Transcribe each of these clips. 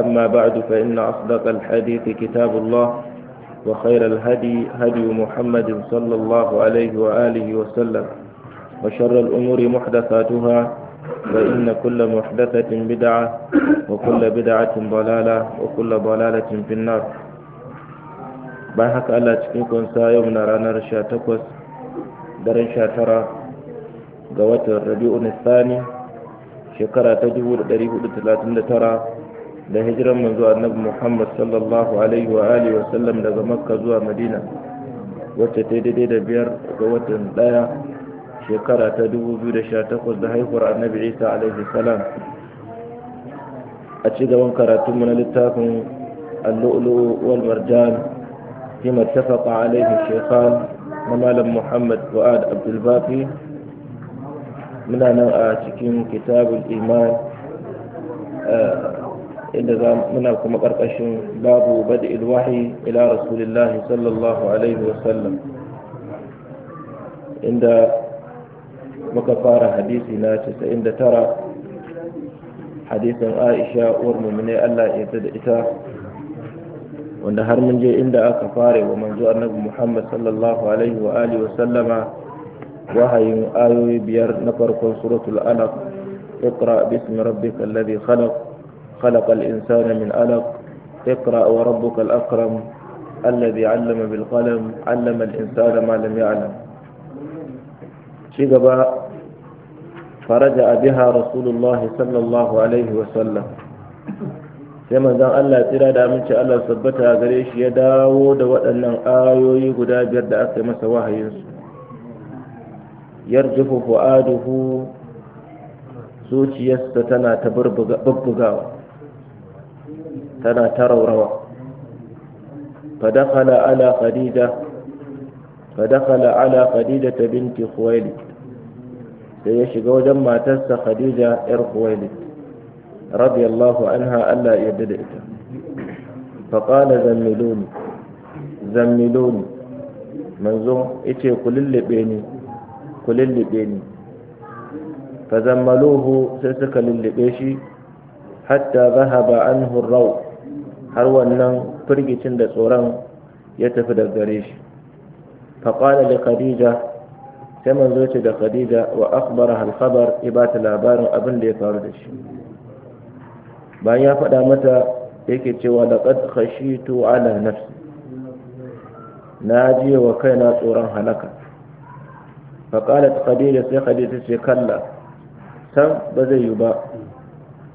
أما بعد فإن أصدق الحديث كتاب الله وخير الهدي هدي محمد صلى الله عليه وآله وسلم وشر الأمور محدثاتها فإن كل محدثة بدعة وكل بدعة ضلالة وكل ضلالة في النار bayan haka Allah cikin kunsa yau na ranar 18 daren 19 ga watan Rabi'u Nisani shekara ta 1439 da hijiran manzo annabi Muhammad sallallahu alaihi wa alihi wa sallam daga Makka zuwa Madina wacce ta daidai da biyar ga watan daya shekara ta 2018 da haihuwar annabi Isa alaihi salam a ci gaban karatun mu na littafin al-lu'lu' wal marjan فيما اتفق عليه الشيخان ومالا محمد فؤاد عبد الباقي من أنا أتكلم كتاب الإيمان آه inda za muna kuma ƙarƙashin babu bad'il wahyi ila rasulillah sallallahu alaihi wa sallam inda muka fara hadisi na 99 hadisin Aisha uwar mu'mine Allah ya da ita wanda har mun je inda aka fara wa manzo Annabi Muhammad sallallahu alaihi wa alihi wa sallama wahayin ayoyi biyar na farkon suratul alaq اقرأ باسم ربك الذي خلق خلق الإنسان من ألق اقرأ وربك الأكرم الذي علم بالقلم علم الإنسان ما لم يعلم شغبا فرجع بها رسول الله صلى الله عليه وسلم sai manzon Allah tsira da aminci Allah sabbata a gare shi ya dawo da waɗannan ayoyi guda biyar da aka yi masa wahayinsu yarjufu fu'aduhu zuciyarsa tana ta bubbugawa tana ta raurawa فدخل على خديجة فدخل على خديجة بنت خويلد سيشق وجمع تس خديجة إر خويلد رضي الله عنها ألا يدلئت فقال زملوني زملوني منظوم إتي قل اللي بيني قل اللي بيني فزملوه سيسك للبيشي حتى ذهب عنه الروح har wannan firgicin da tsoron ya tafi da gare shi faƙala da khadija sai manzo ce da khadija wa akbar halkabar ya ba ta labarin abin da ya faru da shi bayan ya faɗa mata yake cewa da ƙad khashitu ala nafsi na ji wa kaina tsoron halaka da khadija sai khadija ce kalla san ba zai yi ba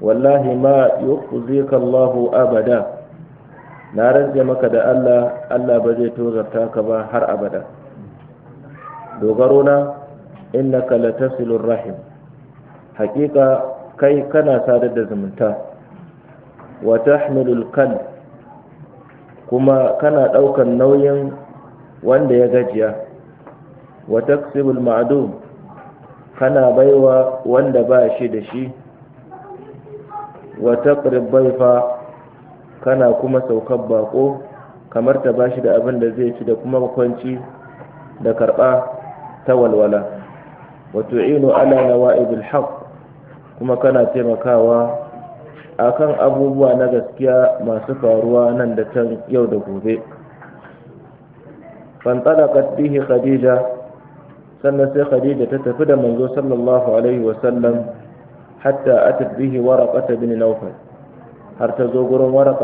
wallahi ma yuqzika Allahu abada na rantse maka da Allah Allah ba zai tozarta ka ba har abada dogaro na innaka latasilur rahim hakika kai kana sadar da zumunta wa tahmilul kal kuma kana daukan nauyin wanda ya gajiya wa taksibul ma'dum kana baiwa wanda ba shi da shi wa taqrib baifa kana kuma saukar bako kamar ta bashi da abin da zai ci da kuma kwanci da karɓa ta walwala wato inu ala nawa'idul haq kuma kana taimakawa akan abubuwa na gaskiya masu faruwa nan da can yau da gobe fantalaqat bihi khadija sannan sai khadija ta tafi da manzo sallallahu alaihi wa sallam hatta atat bihi waraqata bin nawfal har ta zo gurin waraka